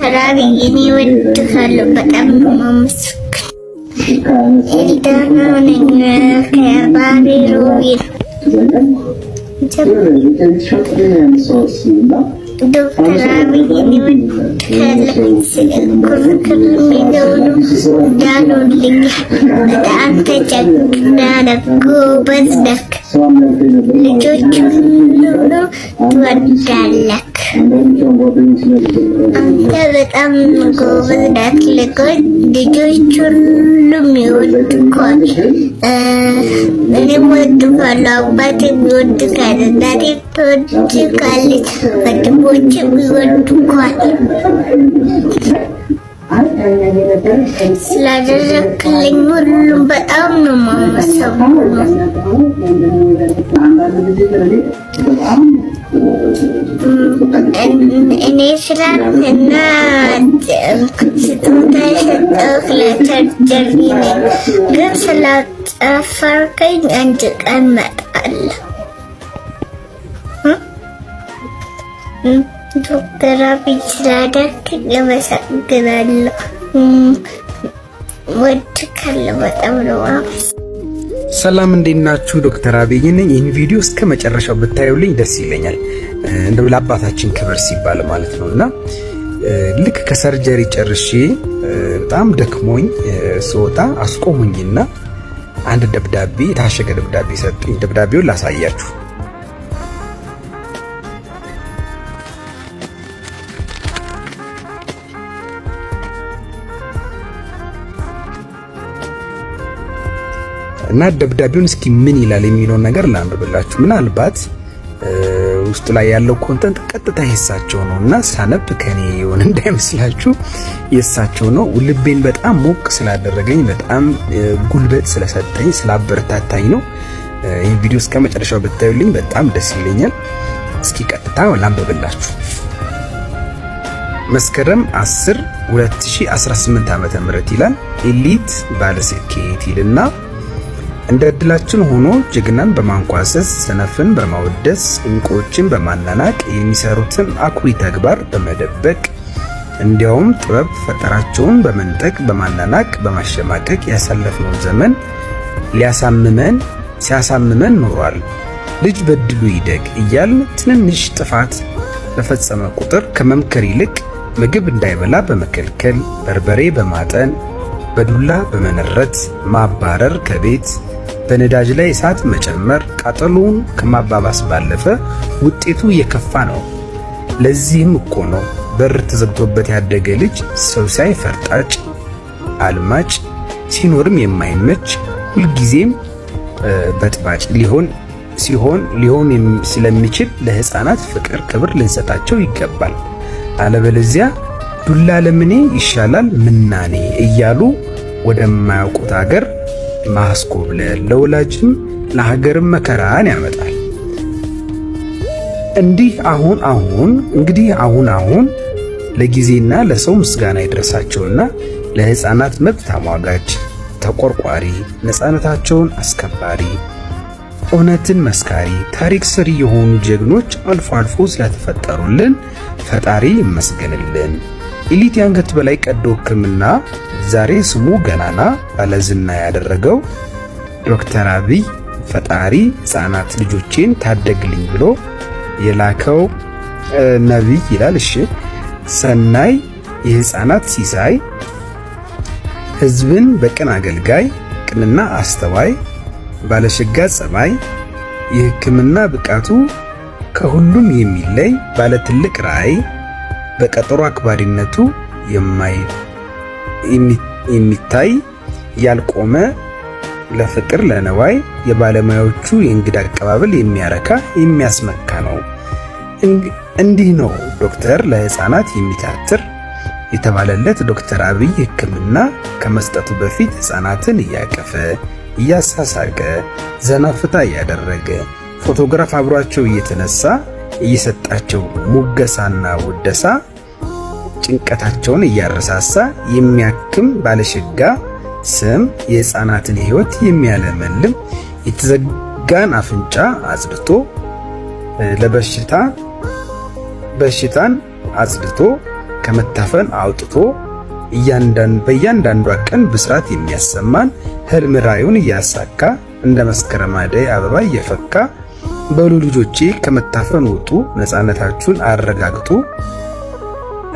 ተራቢ የኔ ወድ በጣም ማመስክ ኤልዳና ነኝ ከባቢሮ ዶክተር አብይ ልጆች ሁሉ ትወዳለክ አንተ በጣም ጎበዝ ናት። ልጆች ሁሉም ይወድ እኳል እኔም ወድካለሁ። አባት ይወድካል፣ እናቴ ትወድካለች፣ ወንድሞችም ይወድኳል። ስላደረክልኝ ሁሉም በጣም ነው ማመሰግነው። እኔ ስላትና ስጦታ የሰጠሁህ ለቸርቸር ነኝ፣ ግን ስላጨፈርከኝ አንድ ቀን እመጣለሁ። ዶክተር አብይ ስላደረክልኝ አመሰግናለሁ። ወድካለሁ በጣም ነው። ሰላም እንዴት ናችሁ? ዶክተር አብይ ነኝ። ይህን ቪዲዮ እስከ መጨረሻው ብታዩልኝ ደስ ይለኛል። እንደው ለአባታችን ክብር ሲባል ማለት ነው እና ልክ ከሰርጀሪ ጨርሼ በጣም ደክሞኝ ስወጣ አስቆሙኝና አንድ ደብዳቤ የታሸገ ደብዳቤ ሰጡኝ። ደብዳቤውን ላሳያችሁ እና ደብዳቤውን እስኪ ምን ይላል የሚለውን ነገር ላንብብላችሁ። ምናልባት ውስጡ ላይ ያለው ኮንተንት ቀጥታ የሳቸው ነው እና ሳነብ ከኔ የሆነ እንዳይመስላችሁ የሳቸው ነው። ልቤን በጣም ሞቅ ስላደረገኝ፣ በጣም ጉልበት ስለሰጠኝ፣ ስላበረታታኝ ነው። ይህ ቪዲዮ እስከ መጨረሻው ብታዩልኝ በጣም ደስ ይለኛል። እስኪ ቀጥታ ላንብብላችሁ። መስከረም 10 2018 ዓ.ም ይላል ኤሊት ባለስኬት ይልና እንደ እድላችን ሆኖ ጀግናን በማንኳሰስ ሰነፍን በማወደስ እንቁዎችን በማናናቅ የሚሰሩትን አኩሪ ተግባር በመደበቅ እንዲያውም ጥበብ ፈጠራቸውን በመንጠቅ በማናናቅ በማሸማቀቅ ያሳለፍነው ዘመን ሊያሳምመን ሲያሳምመን ኖሯል። ልጅ በድሉ ይደግ እያል ትንንሽ ጥፋት በፈጸመ ቁጥር ከመምከር ይልቅ ምግብ እንዳይበላ በመከልከል በርበሬ በማጠን በዱላ በመነረት ማባረር ከቤት በነዳጅ ላይ እሳት መጨመር ቃጠሎውን ከማባባስ ባለፈ ውጤቱ የከፋ ነው። ለዚህም እኮ ነው በር ተዘግቶበት ያደገ ልጅ ሰው ሳይ ፈርጣጭ፣ አልማጭ፣ ሲኖርም የማይመች ሁልጊዜም በጥባጭ ሊሆን ሲሆን ሊሆን ስለሚችል ለሕፃናት ፍቅር፣ ክብር ልንሰጣቸው ይገባል። አለበለዚያ ዱላ ለምኔ ይሻላል ምናኔ እያሉ ወደማያውቁት አገር ማስኮብለል ለወላጅም ለሀገርም መከራን ያመጣል። እንዲህ አሁን አሁን እንግዲህ አሁን አሁን ለጊዜና ለሰው ምስጋና ይድረሳቸውና ለሕፃናት መብት ተቆርቋሪ፣ ነፃነታቸውን አስከባሪ፣ እውነትን መስካሪ፣ ታሪክ ስር የሆኑ ጀግኖች አልፎ አልፎ ስለተፈጠሩልን ፈጣሪ ይመስገንልን። ኢሊት የአንገት በላይ ቀዶ ሕክምና ዛሬ ስሙ ገናና ባለዝና ያደረገው ዶክተር አብይ ፈጣሪ ህፃናት ልጆቼን ታደግልኝ ብሎ የላከው ነቢይ ይላል። እሺ ሰናይ የህፃናት ሲሳይ ህዝብን በቅን አገልጋይ ቅንና አስተዋይ ባለሽጋ ጸባይ የህክምና ብቃቱ ከሁሉም የሚለይ ባለ ትልቅ ራእይ በቀጠሮ አክባሪነቱ የሚታይ ያልቆመ ለፍቅር ለነዋይ የባለሙያዎቹ የእንግዳ አቀባበል የሚያረካ የሚያስመካ ነው። እንዲህ ነው ዶክተር ለህፃናት የሚታትር የተባለለት ዶክተር አብይ ሕክምና ከመስጠቱ በፊት ህፃናትን እያቀፈ እያሳሳቀ ዘናፍታ እያደረገ ፎቶግራፍ አብሯቸው እየተነሳ እየሰጣቸው ሙገሳና ውደሳ ጭንቀታቸውን እያረሳሳ የሚያክም ባለሸጋ ስም የሕፃናትን ሕይወት የሚያለመልም የተዘጋን አፍንጫ አጽድቶ ለበሽታ በሽታን አጽድቶ ከመታፈን አውጥቶ በእያንዳንዷ ቀን ብስራት የሚያሰማን ህልም ራዩን እያሳካ እንደ መስከረም አደይ አበባ እየፈካ በሉ ልጆቼ ከመታፈን ውጡ፣ ነፃነታችሁን አረጋግጡ፣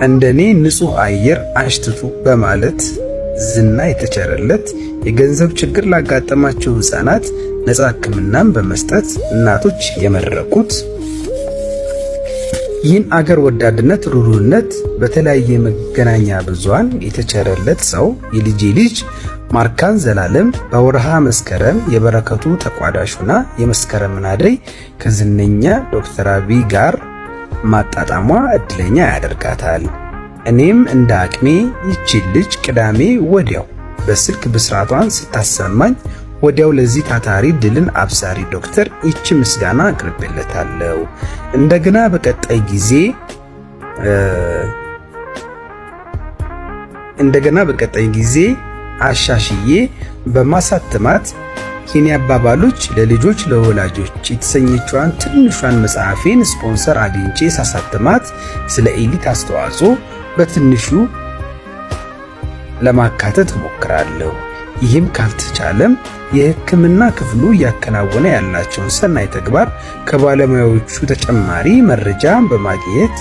እንደኔ ንጹህ አየር አሽትቱ በማለት ዝና የተቸረለት የገንዘብ ችግር ላጋጠማቸው ህፃናት ነፃ ሕክምናን በመስጠት እናቶች የመረቁት ይህን አገር ወዳድነት፣ ሩሩነት በተለያየ መገናኛ ብዙሃን የተቸረለት ሰው የልጄ ልጅ ማርካን ዘላለም በወርሃ መስከረም የበረከቱ ተቋዳሹና የመስከረም ናደይ ከዝነኛ ዶክተር አብይ ጋር ማጣጣሟ እድለኛ ያደርጋታል። እኔም እንደ አቅሜ ይቺ ልጅ ቅዳሜ ወዲያው በስልክ ብስራቷን ስታሰማኝ ወዲያው ለዚህ ታታሪ ድልን አብሳሪ ዶክተር ይቺ ምስጋና አቅርቤለታለሁ። እንደገና በቀጣይ ጊዜ እንደገና በቀጣይ ጊዜ አሻሽዬ በማሳተማት ኬኔ አባባሎች ለልጆች ለወላጆች የተሰኘችዋን ትንሿን መጽሐፌን ስፖንሰር አግኝቼ ሳሳተማት ስለ ኤሊት አስተዋጽኦ በትንሹ ለማካተት እሞክራለሁ። ይህም ካልተቻለም የሕክምና ክፍሉ እያከናወነ ያላቸውን ሰናይ ተግባር ከባለሙያዎቹ ተጨማሪ መረጃ በማግኘት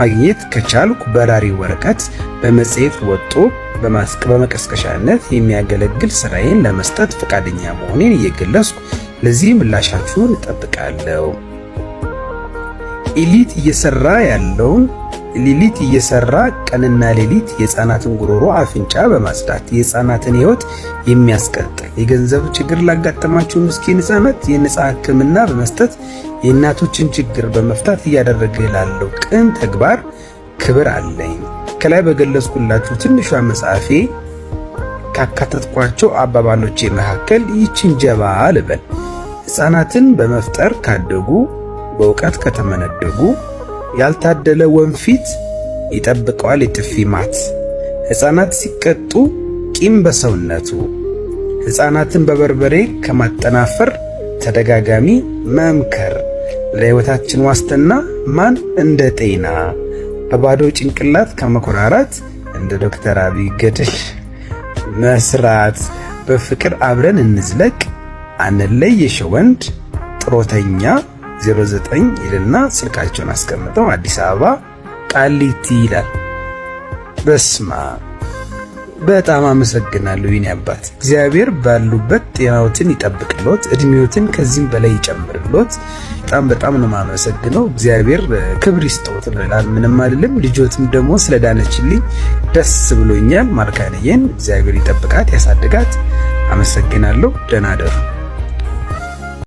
ማግኘት ከቻልኩ በራሪ ወረቀት በመጽሔት ወጥቶ በመቀስቀሻነት የሚያገለግል ስራዬን ለመስጠት ፈቃደኛ መሆኔን እየገለጽኩ ለዚህ ምላሻችሁን እጠብቃለሁ። ኢሊት እየሰራ ያለውን ሊሊት እየሰራ ቀንና ሌሊት የህፃናትን ጉሮሮ አፍንጫ በማጽዳት የህፃናትን ህይወት የሚያስቀጥል የገንዘብ ችግር ላጋጠማቸው ምስኪን ህፃናት የነፃ ህክምና በመስጠት የእናቶችን ችግር በመፍታት እያደረገ ላለው ቅን ተግባር ክብር አለኝ። ከላይ በገለጽኩላችሁ ትንሿ መጽሐፌ ካካተትኳቸው አባባሎቼ መካከል ይችን ጀባ ልበል። ሕፃናትን በመፍጠር ካደጉ፣ በእውቀት ከተመነደጉ፣ ያልታደለ ወንፊት ይጠብቀዋል የጥፊ ማት። ሕፃናት ሲቀጡ ቂም በሰውነቱ፣ ሕፃናትን በበርበሬ ከማጠናፈር ተደጋጋሚ መምከር ለሕይወታችን ዋስትና ማን እንደ ጤና በባዶ ጭንቅላት ከመኮራራት እንደ ዶክተር አብይ ገደሽ መስራት በፍቅር አብረን እንዝለቅ አንለይሽ ወንድ ጥሮተኛ 09 ይልና ስልካቸውን አስቀምጠው አዲስ አበባ ቃሊቲ ይላል። በስማ በጣም አመሰግናለሁ ይኔ አባት። እግዚአብሔር ባሉበት ጤናዎትን ይጠብቅሎት፣ እድሜዎትን ከዚህም በላይ ይጨምርሎት። በጣም በጣም ነው የማመሰግነው። እግዚአብሔር ክብር ይስጠውት። ምንም አይደለም። ልጆትም ደግሞ ስለዳነችልኝ ደስ ብሎኛል። ማርካንዬን እግዚአብሔር ይጠብቃት፣ ያሳድጋት። አመሰግናለሁ። ደህና ደሩ።